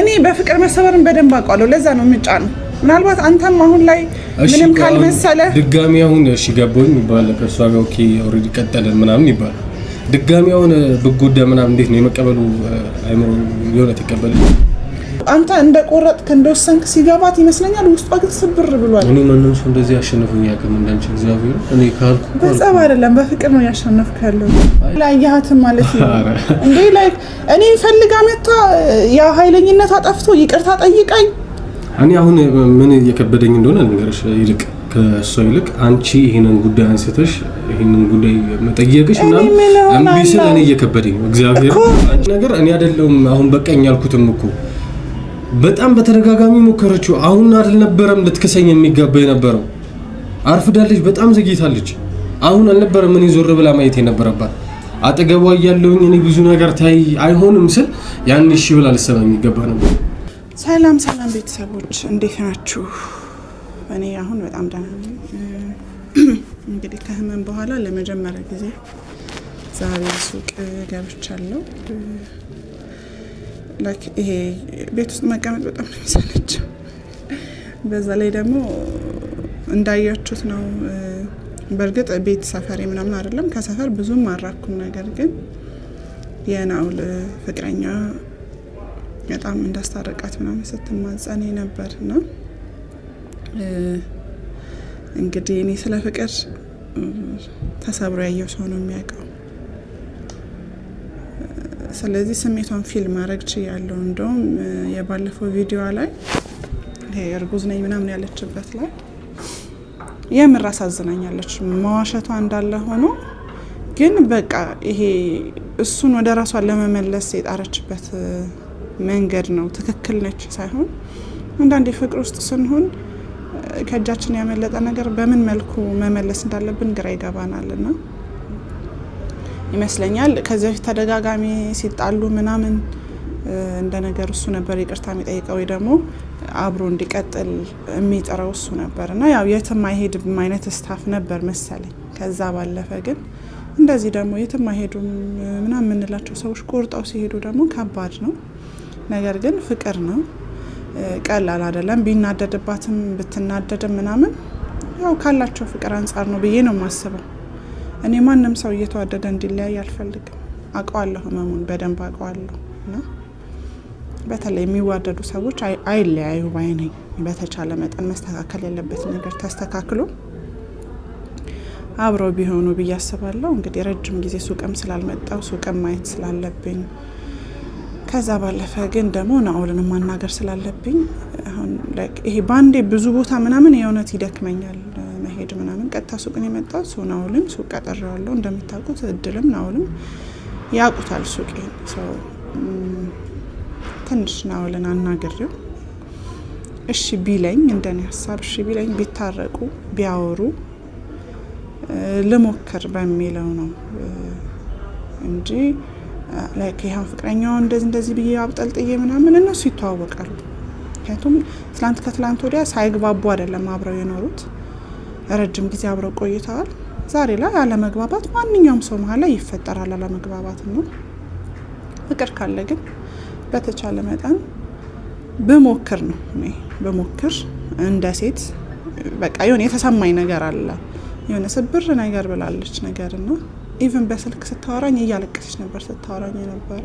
እኔ በፍቅር መሰበርን በደንብ አውቃለሁ። ለዛ ነው ምጫ ነው። ምናልባት አንተም አሁን ላይ ምንም ካልመሰለ ድጋሚ አሁን እሺ ገባኝ ይባላል። ከእሷ ጋር ኦኬ ኦልሬዲ ቀጠለን ምናምን ይባላል። ድጋሚ አሁን ብጎዳ ምናምን እንዴት ነው የመቀበሉ አይምሮ ሊሆነት ይቀበል አንተ እንደ ቆረጥክ እንደወሰንክ ሲገባት ይመስለኛል። ውስጧ ግን ስብር ብሏል። እኔ ማንም ሰው እንደዚህ ያሸንፉኝ ያቅም እንዳንቺ እግዚአብሔር እኔ ካልኩ በጸብ አይደለም በፍቅር ነው ያሸነፍክ ያለው ላያህትም ማለት ነው እንዴ ላይ እኔ ፈልጋ መታ ያ ኃይለኝነት አጠፍቶ ይቅርታ ጠይቀኝ። እኔ አሁን ምን እየከበደኝ እንደሆነ ልንገርሽ ይልቅ ከእሷ ይልቅ አንቺ ይህንን ጉዳይ አንስተሽ ይህንን ጉዳይ መጠየቅሽ እና እምቢ ስል እኔ እየከበደኝ እግዚአብሔር ነገር እኔ አይደለሁም አሁን በቃኝ ያልኩትም እኮ በጣም በተደጋጋሚ ሞከረችው። አሁን አልነበረም ልትክሰኝ የሚገባ የነበረው። አርፍዳለች፣ በጣም ዘግይታለች። አሁን አልነበረም እኔ ዞር ብላ ማየት የነበረባት። አጠገቧ እያለሁኝ እኔ ብዙ ነገር ታይ አይሆንም ስል ያን እሺ ብላ ልትሰማ የሚገባ ነበር። ሰላም ሰላም ቤተሰቦች እንዴት ናችሁ? እኔ አሁን በጣም ደህና ነኝ። እንግዲህ ከህመም በኋላ ለመጀመሪያ ጊዜ ዛሬ ሱቅ ገብቻለሁ። ይሄ ቤት ውስጥ መቀመጥ በጣም ነው በዛ ላይ ደግሞ እንዳያችሁት ነው። በእርግጥ ቤት ሰፈር ምናምን አይደለም፣ ከሰፈር ብዙም አራኩም። ነገር ግን የናውል ፍቅረኛ በጣም እንዳስታረቃት ምናምን ስትማጸን ነበር እና እንግዲህ እኔ ስለ ፍቅር ተሰብሮ ያየው ሰው ነው የሚያውቀው። ስለዚህ ስሜቷን ፊል ማድረግ ችያለሁ። እንደውም የባለፈው ቪዲዮ ላይ እርጉዝ ነኝ ምናምን ያለችበት ላይ የምር አሳዝናኛለች። መዋሸቷ እንዳለ ሆኖ ግን በቃ ይሄ እሱን ወደ ራሷ ለመመለስ የጣረችበት መንገድ ነው። ትክክል ነች ሳይሆን አንዳንዴ ፍቅር ውስጥ ስንሆን ከእጃችን ያመለጠ ነገር በምን መልኩ መመለስ እንዳለብን ግራ ይገባናልና ይመስለኛል። ከዚህ በፊት ተደጋጋሚ ሲጣሉ ምናምን እንደ ነገር እሱ ነበር ይቅርታ የሚጠይቀው ወይ ደግሞ አብሮ እንዲቀጥል የሚጥረው እሱ ነበር እና ያው የትም አይሄድም አይነት ስታፍ ነበር መሰለኝ። ከዛ ባለፈ ግን እንደዚህ ደግሞ የትም አይሄዱም ምናምን የምንላቸው ሰዎች ቆርጠው ሲሄዱ ደግሞ ከባድ ነው። ነገር ግን ፍቅር ነው፣ ቀላል አይደለም። ቢናደድባትም ብትናደድም ምናምን ያው ካላቸው ፍቅር አንጻር ነው ብዬ ነው የማስበው። እኔ ማንም ሰው እየተዋደደ እንዲለያይ አልፈልግም። አውቀዋለሁ፣ ህመሙን በደንብ አውቀዋለሁ። እና በተለይ የሚዋደዱ ሰዎች አይለያዩ ባይ ነኝ። በተቻለ መጠን መስተካከል ያለበት ነገር ተስተካክሎ አብረው ቢሆኑ ብዬ አስባለሁ። እንግዲህ ረጅም ጊዜ ሱቅም ስላልመጣው ሱቅም ማየት ስላለብኝ ከዛ ባለፈ ግን ደግሞ ናኦልን ማናገር ስላለብኝ አሁን ይሄ ባንዴ ብዙ ቦታ ምናምን የእውነት ይደክመኛል። መሄድ ምናምን ቀጥታ ሱቅን የመጣው ሱ ናውልን ሱቅ ቀጠረዋለሁ። እንደምታውቁት እድልም ናውልም ያውቁታል ሱቄን። ሰው ትንሽ ናውልን አናግሬው እሺ ቢለኝ እንደኔ ሀሳብ እሺ ቢለኝ ቢታረቁ ቢያወሩ ልሞክር በሚለው ነው እንጂ ላይክ ይኸው እንደዚህ እንደዚህ ብዬ አብጠልጥዬ ምናምን እነሱ ይተዋወቃሉ። ምክንያቱም ትላንት ከትላንት ወዲያ ሳይግባቡ አይደለም አብረው የኖሩት። ረጅም ጊዜ አብረው ቆይተዋል። ዛሬ ላይ አለመግባባት ማንኛውም ሰው መሀል ላይ ይፈጠራል። አለመግባባት ነው። ፍቅር ካለ ግን በተቻለ መጠን ብሞክር ነው እኔ ብሞክር እንደ ሴት በቃ የሆነ የተሰማኝ ነገር አለ የሆነ ስብር ነገር ብላለች ነገር እና ኢቨን በስልክ ስታወራኝ እያለቀሰች ነበር ስታወራኝ የነበረ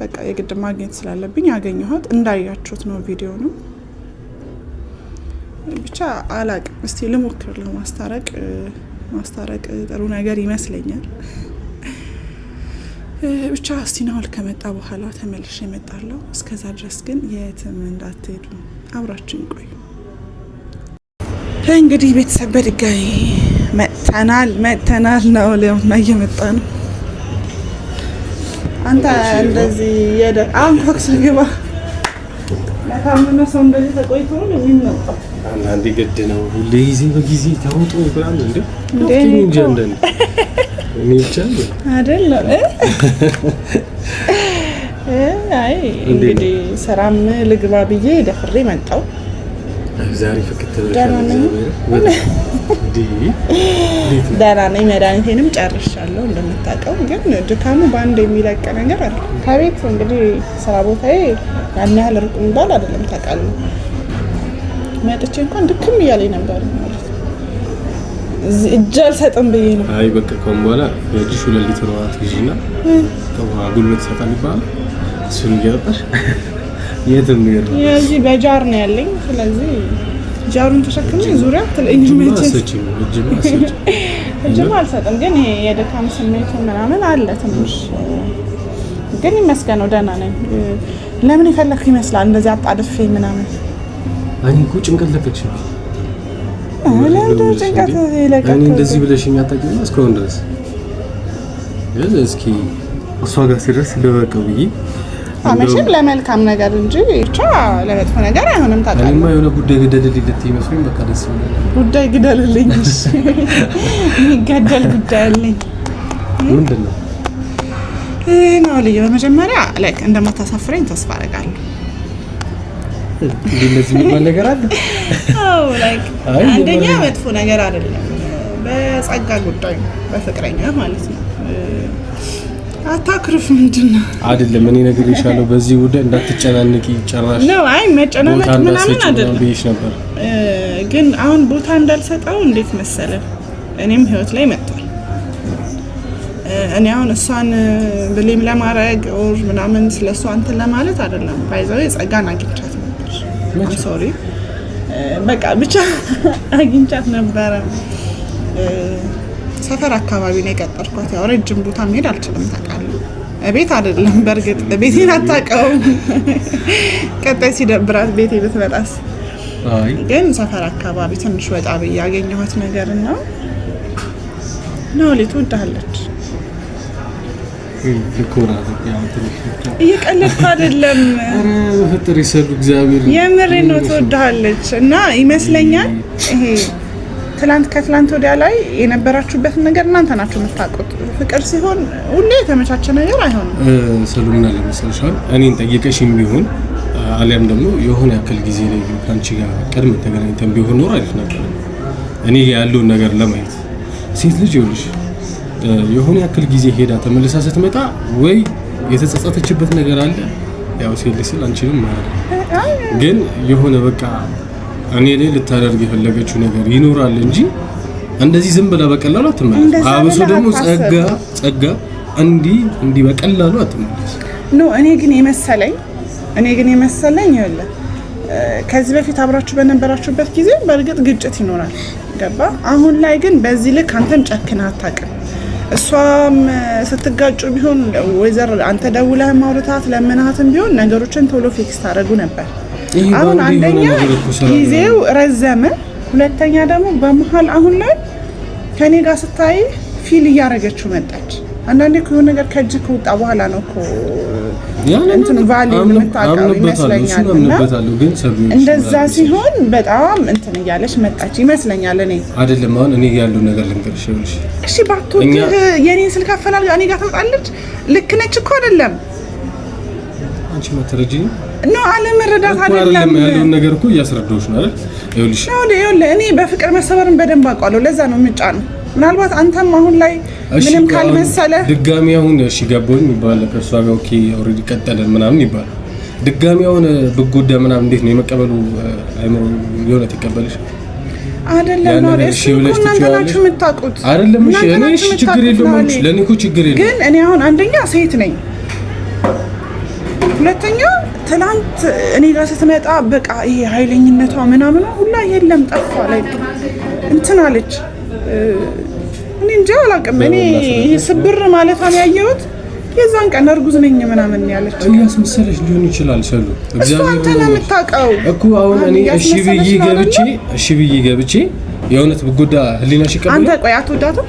በቃ የግድ ማግኘት ስላለብኝ ያገኘኋት። እንዳያችሁት ነው ቪዲዮ ነው። ብቻ አላቅ እስቲ ልሞክር ለማስታረቅ ማስታረቅ ጥሩ ነገር ይመስለኛል። ብቻ እስቲ ናውል ከመጣ በኋላ ተመልሽ የመጣለው እስከዛ ድረስ ግን የትም እንዳትሄዱ አብራችን ቆዩ። እንግዲህ ቤተሰብ በድጋይ መጥተናል መጥተናል ነው ሊሆና እየመጣ ነው። አንተ እንደዚህ አሁን ታክሲ ግባ ለታምነ ሰው እንደዚህ ተቆይቶ ነው የሚመጣው አንዳንዴ ግድ ነው። ሁሌ ጊዜ በጊዜ ተውጦ ብላን እንደ እንጂ አንዳንዴ እኔ ብቻ አይደለም። አይ እንግዲህ ስራም ልግባ ብዬ ደፍሬ መጣሁ። ዛሬ ፍክት ደህና ነኝ። መድኃኒቴንም ጨርሻለሁ። እንደምታውቀው ግን ድካሙ በአንድ የሚለቅ ነገር አለ። ከቤት እንግዲህ ስራ ቦታዬ ያን ያህል ርቁ የሚባል አይደለም ታውቃለህ መጥቼ እንኳን ድክም እያለ ነበር ማለት እጅ አልሰጥም ብዬ ነው። አይ በቃ ከሆነ በኋላ የእጅሽ ሁለት ሊትር ውሃ ትይዥና ጉልበት ይሰጣል ይባላል። እሱን እየጠጣሽ የትም ሄድ ነው። በጃር ነው ያለኝ። ስለዚህ ጃሩን ተሸክሜ ዙሪያ ትለኝ እጅም አልሰጥም፣ ግን የድካም ስሜቱ ምናምን አለ ትንሽ። ግን ይመስገነው ደህና ነኝ። ለምን የፈለግኩ ይመስላል እንደዚህ አጣድፌ ምናምን እኔ እኮ ጭንቀት ለቀቅሽኝ። እኔ እንደዚህ ብለሽኝ አታውቂውም እስካሁን ድረስ። እስኪ እሷ ጋር ሲደርስ ለበቀ ብዬ አመሽም ለመልካም ነገር እንጂ ብቻ ለመጥፎ ነገር አይሆንም። ታውቃለህ፣ እኔማ የሆነ ጉዳይ ግደልልኝ ልትይ መስሎኝ በቃ ደስ ይላል። ጉዳይ ግደልልኝ፣ የሚገደል ጉዳይ አለኝ። ምንድን ነው ነው ልዩ? በመጀመሪያ ላይክ እንደማታሳፍረኝ ተስፋ አደርጋለሁ። እንደዚህ የሚባል ነገር አለ? አዎ ላይክ አንደኛ መጥፎ ነገር አይደለም። በጸጋ ጉዳይ ነው፣ በፍቅረኛ ማለት ነው። አታክርፍ ምንድን ነው አይደለም። እኔ ነግሬሻለሁ በዚህ ጉዳይ እንዳትጨናነቂ ጨራሽ ነው። አይ መጨናነቅ ምናምን አይደለም ብዬሽ ነበር፣ ግን አሁን ቦታ እንዳልሰጠው እንዴት መሰለ እኔም ህይወት ላይ መጥቷል። እኔ አሁን እሷን ብሌም ለማድረግ ኦር ምናምን ስለሷ እንትን ለማለት አይደለም። ባይዘው ጸጋን አግኝቻለሁ ሶሪ በቃ ብቻ አግኝቻት ነበረ። ሰፈር አካባቢ ነው የቀጠርኳት። ያው ረጅም ቦታ መሄድ አልችልም ታውቃለህ። ቤት አይደለም በእርግጥ ቤቴን አታውቀውም። ቀጣይ ሲደብራት ቤቴ ብትመጣስ። ግን ሰፈር አካባቢ ትንሽ ወጣ ብዬ ያገኘኋት ነገር ነው ነው ሊት እየቀለድኩ አይደለም። እግዚአብሔር የምሬ ነው። ትወድሃለች እና ይመስለኛል ይሄ ትላንት ከትላንት ወዲያ ላይ የነበራችሁበትን ነገር እናንተ ናችሁ የምታውቁት። ፍቅር ሲሆን ሁሌ የተመቻቸ ነገር አይሆንም። እኔን ጠይቀሽም ቢሆን አሊያም ደግሞ የሆነ ያክል ጊዜ ላይ ከአንቺ ጋር ቀድመን ተገናኝተን ቢሆን ኖሮ አሪፍ ነበር። እኔ ያለውን ነገር ለማየት ሴት ልጅ ይኸውልሽ የሆነ ያክል ጊዜ ሄዳ ተመልሳ ስትመጣ ወይ የተጸጸተችበት ነገር አለ። ያው ሲል ሲል አንቺንም ማለት ግን የሆነ በቃ እኔ ላይ ልታደርግ የፈለገችው ነገር ይኖራል እንጂ እንደዚህ ዝም ብላ በቀላሉ አትመለስ። አብሶ ደግሞ ጸጋ ጸጋ እንዲህ እንዲህ በቀላሉ አትመለስ። ኖ እኔ ግን የመሰለኝ እኔ ግን የመሰለኝ ያለ ከዚህ በፊት አብራችሁ በነበራችሁበት ጊዜ በእርግጥ ግጭት ይኖራል ገባ። አሁን ላይ ግን በዚህ ልክ አንተም ጨክና አታውቅም እሷም ስትጋጩ ቢሆን ወይዘር አንተ ደውለህ ማውረታት ለምናትም ቢሆን ነገሮችን ቶሎ ፊክስ ታደረጉ ነበር። አሁን አንደኛ ጊዜው ረዘመ፣ ሁለተኛ ደግሞ በመሀል አሁን ላይ ከኔ ጋር ስታይ ፊል እያደረገችው መጣች። አንዳንዴ እኮ የሆነ ነገር ከእጅ ከወጣ በኋላ ነው እኮ እንትን ቫሊዩ የምታውቀው ይመስለኛል። እና እንደዛ ሲሆን በጣም እንትን እያለች መጣች ይመስለኛል። እኔ አይደለም አሁን እኔ ያሉ ነገር ልንገርሽ ይኸውልሽ፣ እሺ ባትወድህ የኔን ስልክ አፈላልጋ እኔ ጋር ትመጣለች። ልክ ነች እኮ አይደለም አንቺ ማትረጂ ነው አለመረዳት አይደለም። ያለውን ነገር እኮ እያስረዳሁሽ ነው አይደል? ይኸውልሽ እኔ በፍቅር መሰበርን በደንብ አውቃለሁ። ለዛ ነው የምጫ ነው ምናልባት አንተም አሁን ላይ ምንም ካልመሰለ ድጋሚ አሁን እሺ ገባኝ ይባላል ከእሷ ጋር ኦኬ ኦልሬዲ ቀጠለ ምናምን ይባላል። ድጋሚ አሁን ብጎዳ ምናምን እንዴት ነው የመቀበሉ አይምሮ የሆነ ይቀበልሽ አይደለም ነው እሺ ችግር ለእኔ እኮ ችግር ግን እኔ አሁን አንደኛ ሴት ነኝ፣ ሁለተኛ ትላንት እኔ ጋር ስትመጣ በቃ ይሄ ኃይለኝነቷ ምናምን ሁላ የለም ጠፋ ላይ እንትን አለች እኔ እንጃ አላውቅም። እኔ ስብር ማለቷን ያየሁት የዛን ቀን እርጉዝ ነኝ ምናምን ያለች እያስመሰለች ሊሆን ይችላል። ሰሉ አንተ ነው የምታውቀው እኮ። አሁን እኔ እሺ ብዬ ገብቼ እሺ ብዬ ገብቼ የእውነት ብጎዳ ህሊናሽ ይቀበል። አንተ ቆይ አትወዳትም?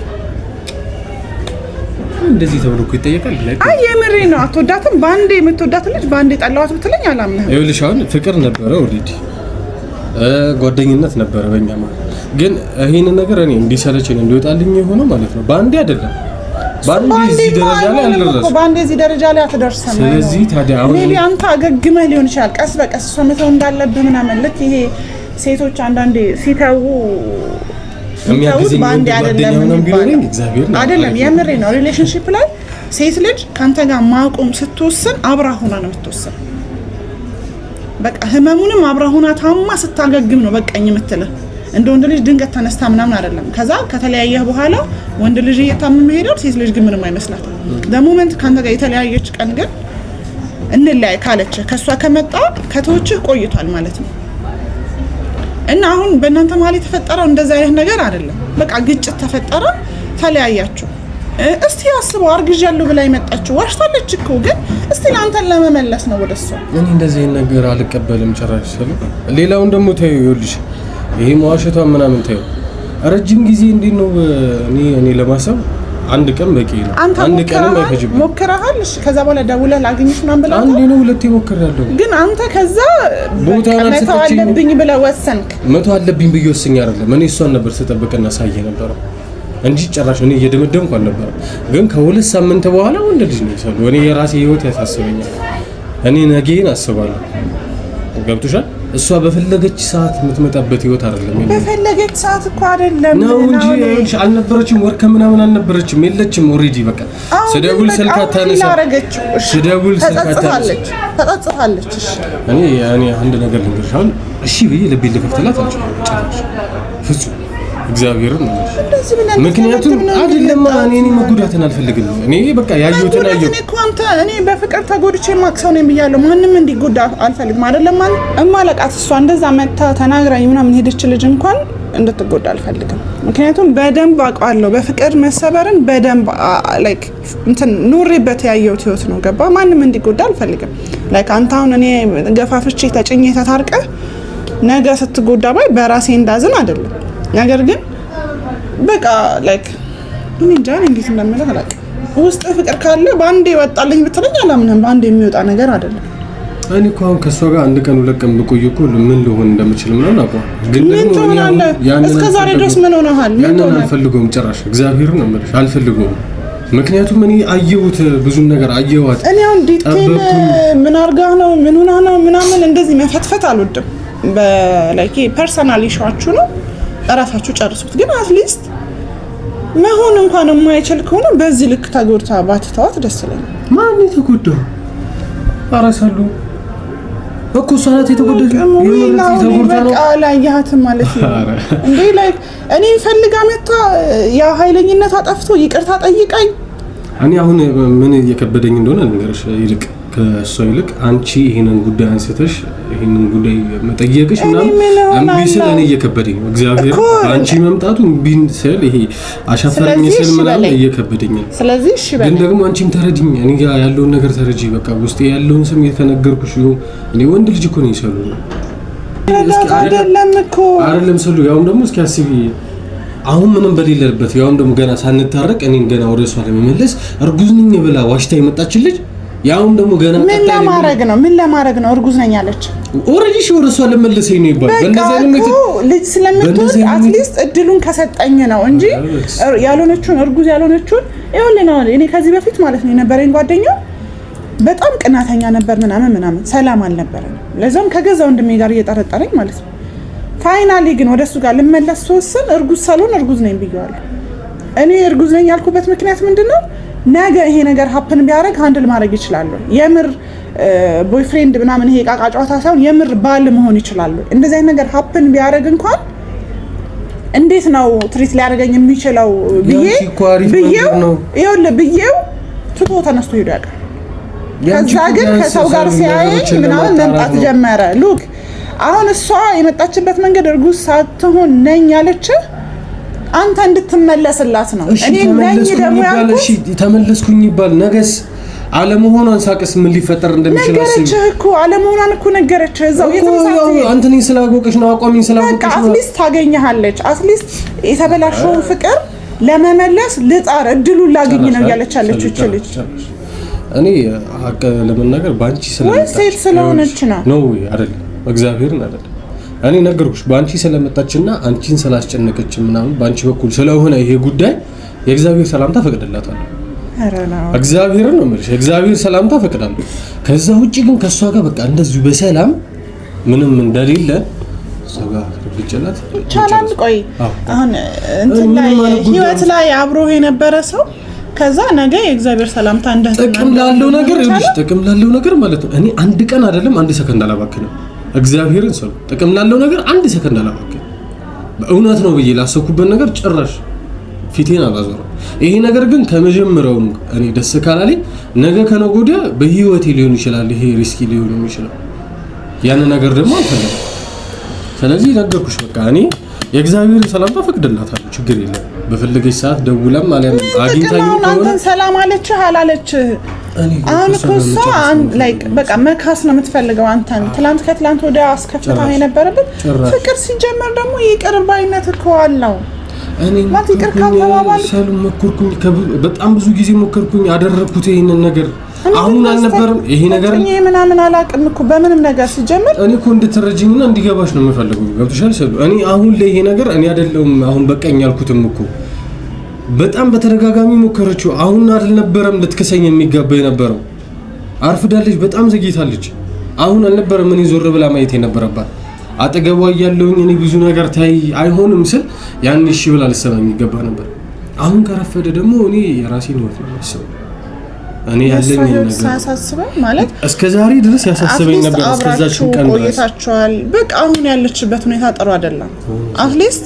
እንደዚህ ተብሎ እኮ ይጠየቃል። አይ የምሬ ነው አትወዳትም። በአንዴ የምትወዳት ልጅ በአንዴ ጠላዋት ብትለኝ አላምነህም። ይኸውልሽ አሁን ፍቅር ነበረ፣ ኦልሬዲ ጓደኝነት ነበረ በእኛ ማለት ግን ይህንን ነገር እኔ እንዲሰለችኝ እንዲወጣልኝ የሆነው ማለት ነው በአንዴ አይደለም በአንዴ እዚህ ደረጃ ላይ አትደርስም። ስለዚህ ታዲያ አሁን አንተ አገግመህ ሊሆን ይችላል ቀስ በቀስ እሷ መተው እንዳለብህ ምናምን ልክ ይሄ ሴቶች አንዳንዴ ሲተዉ በአንዴ አይደለም አይደለም፣ የምሬ ነው። ሪሌሽንሽፕ ላይ ሴት ልጅ ከአንተ ጋር ማቆም ስትወስን አብራ ሆና ነው የምትወስን። በቃ ህመሙንም አብራ ሆና ታማ ስታገግም ነው በቃኝ የምትልህ እንደ ወንድ ልጅ ድንገት ተነስታ ምናምን አይደለም። ከዛ ከተለያየህ በኋላ ወንድ ልጅ እየታመመ ሄዳል፣ ሴት ልጅ ግን ምንም አይመስላትም። ለሞመንት ከአንተ ጋር የተለያየች ቀን ግን እንለያይ ካለች ከእሷ ከመጣ ከተዎችህ ቆይቷል ማለት ነው። እና አሁን በእናንተ መሀል የተፈጠረው እንደዚህ አይነት ነገር አይደለም። በቃ ግጭት ተፈጠረ፣ ተለያያችሁ። እስቲ አስበው፣ አርግዣለሁ ብላ የመጣችሁ ዋሽታለች እኮ ግን እስቲ ለአንተን ለመመለስ ነው ወደ እሷ። እኔ እንደዚህ ነገር አልቀበልም ጭራሽ። ሌላውን ደግሞ ተይው ይኸውልሽ ይሄ መዋሸቷ ምናምን ታዩ ረጅም ጊዜ እንዴት ነው እኔ እኔ ለማሰብ አንድ ቀን በቂ ነው። አንድ ቀንም አይፈጅም። ሞክረሃል? እሺ። ከዛ በኋላ ደውለህ ላግኝሽ ምናምን ብለህ አንዴ ነው ሁለቴ ሞክሬያለሁ። ግን አንተ ከዛ ቦታ አለብኝ ብለህ ወሰንክ። መቶ አለብኝ ብዬ ወስኜ አይደለም። እኔ እሷን ነበር ስጠብቅና ሳየ ነበረው እንጂ ጭራሽ እኔ እየደመደምኩ አልነበረም። ግን ከሁለት ሳምንት በኋላ ወንድ ልጅ ነው ይሰሉ። እኔ የራሴ ህይወት ያሳስበኛል። እኔ ነገን አስባለሁ። ገብቶሻል? እሷ በፈለገች ሰዓት የምትመጣበት ህይወት አይደለም። በፈለገች ሰዓት እኮ አይደለም ነው እንጂ አልነበረችም፣ ወር ከምናምን አልነበረችም፣ የለችም። ኦሬዲ በቃ ስደውል ስልክ አታነሳ፣ ስደውል ስልክ አታነሳለች፣ ተጸጽታለች። እኔ አንድ ነገር ልንገርሽ፣ አሁን እሺ ብዬ ልቤን ልከፍትላት አልችልም፣ ጭራሽ ፍጹም እግዚአብሔርን ምክንያቱም አይደለም እኔ እኔ መጎዳትን አልፈልግም። እኔ በቃ ያየሁትን ያየሁ እኮ አንተ እኔ በፍቅር ተጎድቼ ማክሰው ነኝ ብያለሁ። ማንም እንዲጎዳ አልፈልግም። አይደለም አለ እማለቃት እሷ እንደዛ መታ ተናግራኝ ምናምን ሄደች ልጅ እንኳን እንድትጎዳ አልፈልግም። ምክንያቱም በደንብ አውቃለሁ። በፍቅር መሰበርን በደንብ ላይክ እንትን ኑሬበት ያየሁት ህይወት ነው። ገባ ማንም እንዲጎዳ አልፈልግም። ላይክ አንተ አሁን እኔ ገፋፍቼ ተጭኜ ተታርቀ ነገ ስትጎዳ ባይ በራሴ እንዳዝን አይደለም ነገር ግን በቃ ላይክ እኔ እንጃ እንዴት እንደምልህ አላውቅም። ውስጥ ፍቅር ካለ በአንድ ይወጣልኝ ብትለኝ አላምንም። በአንድ የሚወጣ ነገር አይደለም። እኔ እኮ አሁን ከእሷ ጋር አንድ ቀን ሁለት ቀን ብቆይ እኮ ምን ልሆን እንደምችል ምናምን አውቀዋል። ግን ምን ትሆናለህ? እስከ ዛሬ ድረስ ምን ሆነሃል? ያንን አልፈልገውም፣ ጭራሽ እግዚአብሔር ነው የምልሽ፣ አልፈልገውም። ምክንያቱም እኔ አየሁት፣ ብዙም ነገር አየኋት። እኔ አሁን ዲቴል ምን አርጋ ነው ምን ሆና ነው ምናምን እንደዚህ መፈትፈት አልወድም። በላይክ ፐርሰናል ይሸዋችሁ ነው እራሳችሁ ጨርሱት። ግን አትሊስት መሆን እንኳን የማይችል ከሆነ በዚህ ልክ ተጎድታ ባትተዋት ደስ ይለኛል። ማን የተጎዳ አረሳሉ እኮ እሷ ናት የተጎዳችው። አላየሃትም ማለት እንዴ? ላይ እኔ ፈልጋ መታ ያ ኃይለኝነት አጠፍቶ ይቅርታ ጠይቀኝ። እኔ አሁን ምን እየከበደኝ እንደሆነ ልንገርሽ ይልቅ ከእሷ ይልቅ አንቺ ይህንን ጉዳይ አንስተሽ ይህንን ጉዳይ መጠየቅሽ ምናምን እምቢ ስል እኔ እየከበደኝ ነው። እግዚአብሔር አንቺ መምጣቱ እምቢ ስል ይሄ አሻፈረኝ ስል ምናምን እየከበደኝ ነው። ግን ደግሞ አንቺም ተረድኝ፣ እኔ ጋ ያለውን ነገር ተረጂ። በቃ ውስጤ ያለውን ስም ከነገርኩሽ ይሁን። እኔ ወንድ ልጅ እኮ ነው ይሰሉ አይደለም ስሉ ያውም ደግሞ እስኪ አስቢ አሁን ምንም በሌለበት ያውም ደግሞ ገና ሳንታረቅ እኔን ገና ወደ እሷ ለመመለስ እርጉዝ ነኝ ብላ ዋሽታ የመጣችን ልጅ ያውም ደግሞ ገና ምን ለማድረግ ነው? ምን ለማድረግ ነው? እርጉዝ ነኝ አለች። ኦሬዲ ሹር እሷ ልመልሰኝ ነው ይባል። ልጅ ስለምትወድ አትሊስት እድሉን ከሰጠኝ ነው እንጂ ያልሆነችውን እርጉዝ ያልሆነችውን ይኸውልህ፣ እኔ ከዚህ በፊት ማለት ነው የነበረኝ ጓደኛ በጣም ቅናተኛ ነበር፣ ምናምን ምናምን፣ ሰላም አልነበረም። ለዛም ከገዛ ወንድሜ ጋር እየጠረጠረኝ ማለት ነው። ፋይናሊ ግን ወደ ወደሱ ጋር ልመለስ ስወስን እርጉዝ ሳልሆን እርጉዝ ነኝ ብየዋለሁ። እኔ እርጉዝ ነኝ ያልኩበት ምክንያት ምንድን ነው? ነገ ይሄ ነገር ሀፕን ቢያደርግ ሀንድል ማድረግ ይችላሉ። የምር ቦይፍሬንድ ምናምን ይሄ ቃቃ ጨዋታ ሳይሆን የምር ባል መሆን ይችላሉ። እንደዚህ አይነት ነገር ሀፕን ቢያደርግ እንኳን እንዴት ነው ትሪት ሊያደርገኝ የሚችለው ብዬ ብዬው ይኸውልህ ብዬው ትቶ ተነስቶ ሄዶ ያውቃል። ከዛ ግን ከሰው ጋር ሲያየኝ ምናምን መምጣት ጀመረ። ሉክ አሁን እሷ የመጣችበት መንገድ እርጉዝ ሳትሆን ነኝ ያለችህ አንተ እንድትመለስላት ነው። እኔ ደግሞ ያልኩሽ ተመለስኩኝ ይባል ነገስ አለመሆኗን ሳቅስ ምን ሊፈጠር እንደሚችል ነገረችህ እኮ አለመሆኗን እኮ ነገረችህ። እዛው አንተ አንተን ስላወቀሽ ነው አቋሚን ስላወቀሽ ነው። አትሊስት ታገኘሃለች። አትሊስት የተበላሸውን ፍቅር ለመመለስ ልጣር፣ እድሉን ላገኝ ነው እያለች ያለች ልጅ እኔ ሀቅ ለመናገር በአንቺ ስለሆነች ነው ነው አይደለም እግዚአብሔርን አይደለም እኔ ነገርኩሽ በአንቺ ስለመጣችና አንቺን ስላስጨነቀች ምናምን በአንቺ በኩል ስለሆነ ይሄ ጉዳይ የእግዚአብሔር ሰላምታ ፈቅድላታለሁ። እግዚአብሔር ነው የምልሽ፣ የእግዚአብሔር ሰላምታ ፈቅዳለሁ። ከዛ ውጭ ግን ከእሷ ጋር በቃ እንደዚሁ በሰላም ምንም እንደሌለ ቻላን ቆይ አሁን እንትን ላይ ህይወት ላይ አብሮ የነበረ ሰው ከዛ ነገ የእግዚአብሔር ሰላምታ እንደ ጥቅም ላለው ነገር ጥቅም ላለው ነገር ማለት ነው። እኔ አንድ ቀን አይደለም አንድ ሰከንድ አላባክንም። እግዚአብሔርን ሰው ጥቅም ላለው ነገር አንድ ሰከንድ አላባከንም። በእውነት ነው ብዬ ላሰብኩበት ነገር ጭራሽ ፊቴን አላዞረም። ይሄ ነገር ግን ከመጀመሪያው እኔ ደስ ካላለኝ ነገ ከነገ ወዲያ በህይወቴ ሊሆን ይችላል፣ ይሄ ሪስኪ ሊሆን ይችላል። ያን ነገር ደግሞ አልፈለግም። ስለዚህ ነገርኩሽ፣ በቃ እኔ የእግዚአብሔር ሰላምታ ፈቅድላታለሁ፣ ችግር የለም። በፈለገች ሰዓት ደውላም አለ አግኝታኝ ሰላም አለችህ አላለችህ አሁን እኮ እሷ በቃ መካስ ነው የምትፈልገው አንተን። ትላንት ከትላንት ወደ አስከፍታ የነበረበት ፍቅር ሲጀመር ደግሞ ይቅር ባይነት እኮ አለው። በጣም ብዙ ጊዜ ሞከርኩኝ፣ አደረግኩት ይህንን ነገር አሁን አልነበርም ይሄ ነገር ምናምን አላውቅም እኮ በምንም ነገር ሲጀምር እኔ እኮ እንድትረጅኝና እንዲገባሽ ነው የምፈልገው። ገብቶሻል? እኔ አሁን ላይ ይሄ ነገር እኔ አይደለሁም አሁን በቃኝ ያልኩትም እኮ በጣም በተደጋጋሚ ሞከረችው። አሁን አልነበረም ልትክሰኝ የሚገባ የነበረው። አርፍዳለች፣ በጣም ዘግይታለች። አሁን አልነበረም እኔ ዞር ብላ ማየት የነበረባት። አጠገቧ እያለሁኝ እኔ ብዙ ነገር ታይ አይሆንም ስል ያን እሺ ብላ ልሰማ የሚገባ ነበር። አሁን ከረፈደ ደግሞ እኔ የራሴን ህይወት ነው ማሰብ እኔ ያለኝ ማለት እስከ ዛሬ ድረስ ያሳስበኝ ነበር። እስከዛችን ቀን ድረስ ቆይታችኋል። በቃ አሁን ያለችበት ሁኔታ ጥሩ አይደለም አትሊስት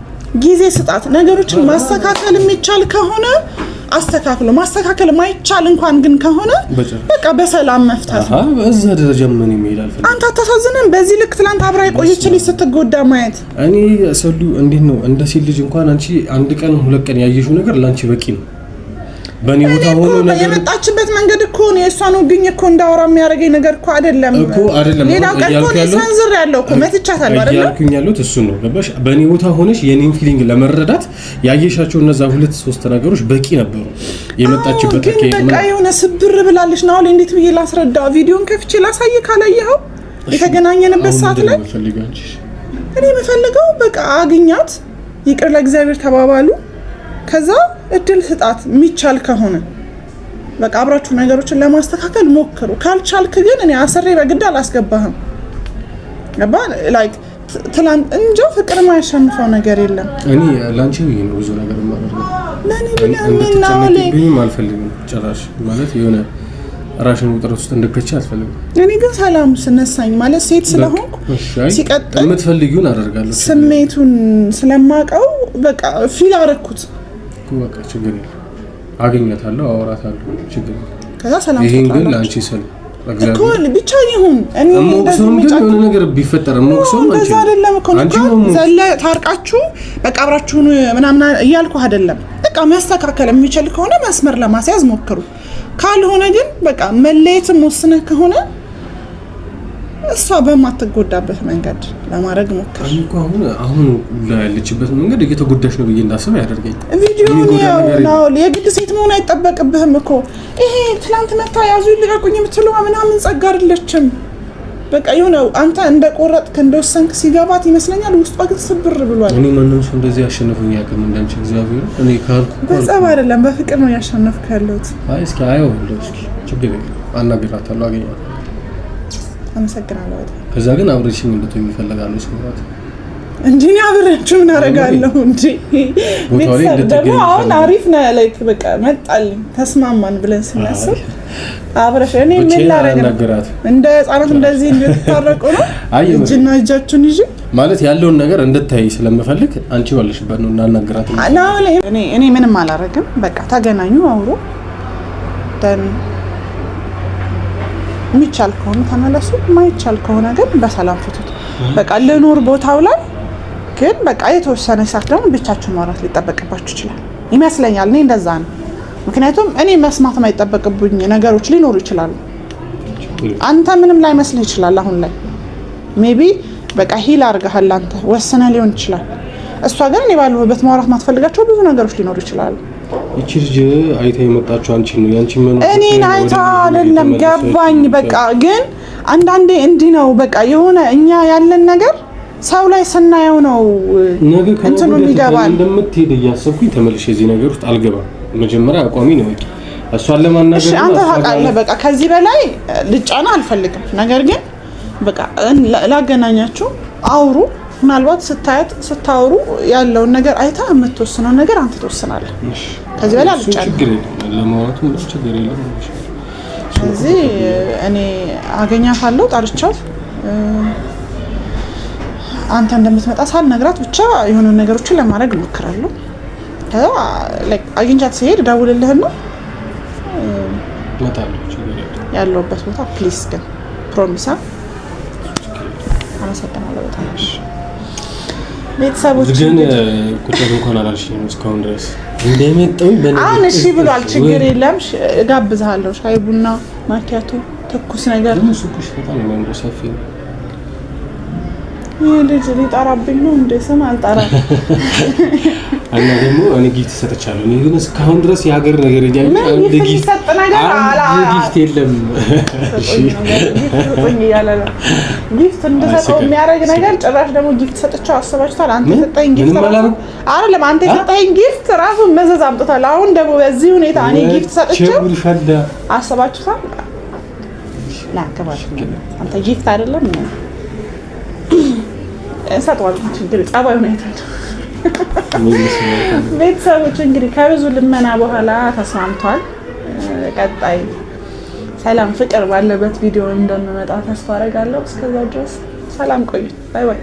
ጊዜ ስጣት። ነገሮችን ማስተካከል የሚቻል ከሆነ አስተካክሎ ማስተካከል ማይቻል እንኳን ግን ከሆነ በቃ በሰላም መፍታት እዛ ደረጃ ምን ይሄዳል? አንተ አታሳዝንም? በዚህ ልክ ትላንት አብራ የቆየች ልጅ ስትጎዳ ማየት እኔ ሰሉ እንዴት ነው እንደ ሴት ልጅ እንኳን አንቺ አንድ ቀን ሁለት ቀን ያየሽው ነገር ለአንቺ በቂ ነው። በእኔ ቦታ ሆኖ የመጣችበት መንገድ እኮ ነው የእሷን እኮ እንዳወራ የሚያደርገኝ ነገር እኮ አይደለም እኮ አይደለም። ሌላው ቀርቶ ያለው እኮ ያለሁት እሱን ነው። ገባሽ? በእኔ ቦታ ሆነሽ የኔን ፊሊንግ ለመረዳት ያየሻቸው እነዛ ሁለት ሶስት ነገሮች በቂ ነበሩ። የመጣችበት ከይ በቃ የሆነ ስብር ብላለች ነው። እንዴት ብዬ ላስረዳ? ቪዲዮን ከፍቼ ላሳይ ካላየኸው የተገናኘንበት ሰዓት ላይ እኔ የምፈልገው በቃ አግኛት፣ ይቅር ለእግዚአብሔር ተባባሉ ከዛ እድል ስጣት የሚቻል ከሆነ በቃ አብራችሁ ነገሮችን ለማስተካከል ሞክሩ። ካልቻልክ ግን እኔ አስሬ በግድ አላስገባህም። ላይክ ትላንት እንጃ ፍቅር ማያሸንፈው ነገር የለም። እኔ ላንቺ ብዙ ነገር አልፈልግም። ጭራሽ ማለት የሆነ ራሽን ውጥረት ውስጥ እንድከች አልፈልግም። እኔ ግን ሰላም ስነሳኝ ማለት ሴት ስለሆንኩ ሲቀጥል የምትፈልጊውን አደርጋለሁ። ስሜቱን ስለማውቀው በቃ ፊል አረኩት። በቃ ችግር የለም አገኛታለሁ፣ አወራታለሁ፣ ችግር የለም። ከዛ ሰላም ይሄን ግን ለአንቺ ስል እኮን ብቻ ይሁን እኔ እንደዚህ የሆነ ነገር ቢፈጠር ሞክሶም አንቺ አይደለም እኮ ዘለ ታርቃችሁ በቃ አብራችሁን ምናምን እያልኩ አይደለም። በቃ መስተካከል የሚችል ከሆነ መስመር ለማስያዝ ሞክሩ። ካልሆነ ግን በቃ መለየትም ወስነህ ከሆነ እሷ በማትጎዳበት መንገድ ለማድረግ ሞክር። አሁን አሁን ያለችበት መንገድ እየተጎዳሽ ነው ብዬ እንዳስብ ያደርገኝ ቪዲዮውን የግድ ሴት መሆን አይጠበቅብህም እኮ ይሄ ትላንት መታ ያዙ ይልቀቁኝ የምትለው ምናምን ጸጋ አይደለችም። በቃ የሆነ አንተ እንደ ቆረጥክ እንደወሰንክ ሲገባት ይመስለኛል። ውስጧ ግን ስብር ብሏል። እኔ ማንም ሰው እንደዚህ ያሸነፈኝ ያቅም እንዳንቺ እግዚአብሔር እኔ ካልኩ በጸብ አይደለም በፍቅር ነው ያሸነፍክ ያለሁት። አይ እስኪ አይ ችግር የለም አናግራታለሁ አገኛለሁ አመሰግናለሁ። ከዛ ግን አብሬሽኝ እንድትሆኝ ይፈልጋሉ ሲሆናት እንጂ እኔ አብሬያችሁ ምን አደርጋለሁ? እንጂ ደግሞ አሁን አሪፍ ነው ላይክ በቃ መጣልኝ ተስማማን ብለን ስናስብ አብረሽ እኔ ምን ላደርግ እንደ ህጻናት እንደዚህ እንድትታረቁ ነው እጅና እጃችሁን ይዤ ማለት ያለውን ነገር እንድታይ ስለምፈልግ አንቺ ባለሽበት ነው እንዳልነገራት። እኔ ምንም አላደርግም። በቃ ተገናኙ አውሮ የሚቻል ከሆነ ተመለሱ፣ ማይቻል ከሆነ ግን በሰላም ፍቱት። በቃ ልኑር ቦታው ላይ ግን በቃ የተወሰነ ሰዓት ደግሞ ብቻችሁን ማውራት ሊጠበቅባችሁ ይችላል ይመስለኛል። እኔ እንደዛ ነው። ምክንያቱም እኔ መስማት የማይጠበቅብኝ ነገሮች ሊኖሩ ይችላሉ። አንተ ምንም ላይ ይችላል። አሁን ላይ ሜቢ በቃ ሂል አድርገሃል አንተ ወስነ ሊሆን ይችላል። እሷ ግን እኔ ባለሁበት ማውራት ማትፈልጋቸው ብዙ ነገሮች ሊኖሩ ይችላሉ። ይቺ ልጅ አይታ የመጣችው አንቺ ነው ያንቺ መኖር እኔን አይታ አይደለም። ገባኝ። በቃ ግን አንዳንዴ እንዲህ ነው። በቃ የሆነ እኛ ያለን ነገር ሰው ላይ ስናየው ነው እንትኑ ይገባል። እንደምትሄድ እያሰብኩኝ ተመልሼ እዚህ ነገር ውስጥ አልገባም። መጀመሪያ አቋሚ ነው በቃ እሷን ለማናገር እሺ፣ አንተ ታውቃለህ። በቃ ከዚህ በላይ ልጫና አልፈልግም። ነገር ግን በቃ ላገናኛችሁ፣ አውሩ። ምናልባት ስታያት ስታወሩ ያለውን ነገር አይታ የምትወስነው ነገር አንተ ትወስናለህ። ከዚህ በላይ አልጫለሁ። ችግር የለም። ስለዚህ እኔ አገኛታለሁ ጠርቻት አንተ እንደምትመጣ ሳልነግራት ብቻ የሆነ ነገሮችን ለማድረግ እሞክራለሁ። ከዛ አግኝቻት ሲሄድ እደውልልህና ያለሁበት ቦታ ፕሊስ ግን ፕሮሚሳ አመሰግናለሁ። በጣም ቤተሰቦች ግን ቁጥር እንኳን አላልሽኝም እስካሁን ድረስ አሁን እሺ ብሏል። ችግር የለም እጋብዝሃለሁ። ሻይ ቡና ማኪያቶ፣ ትኩስ ነገር ይህ ልጅ ሊጠራብኝ ነው እንደ ስም አልጠራ እና ደግሞ እኔ ጊፍት ሰጥቻለሁ። እኔ ግን እስካሁን ድረስ የሀገር ነገር አንድ ጊፍት የለም እያለ ጊፍት እንድሰጠው የሚያደርግ ነገር ጭራሽ ደግሞ ጊፍት ሰጥቼው አስባችኋል። አንተ የሰጠኸኝ ጊፍት አይደለም፣ አንተ የሰጠኸኝ ጊፍት ራሱ መዘዝ አምጥቷል። አሁን ደግሞ በዚህ ሁኔታ እኔ ጊፍት ሰጥቼው አስባችኋል። ላከባሽ አንተ ጊፍት አይደለም ቀን ችግር ጸባዩን ቤተሰቦች እንግዲህ ከብዙ ልመና በኋላ ተስማምቷል። ቀጣይ ሰላም ፍቅር ባለበት ቪዲዮ እንደምመጣ ተስፋ አደርጋለሁ። እስከዛ ድረስ ሰላም ቆዩ። ባይ ባይ።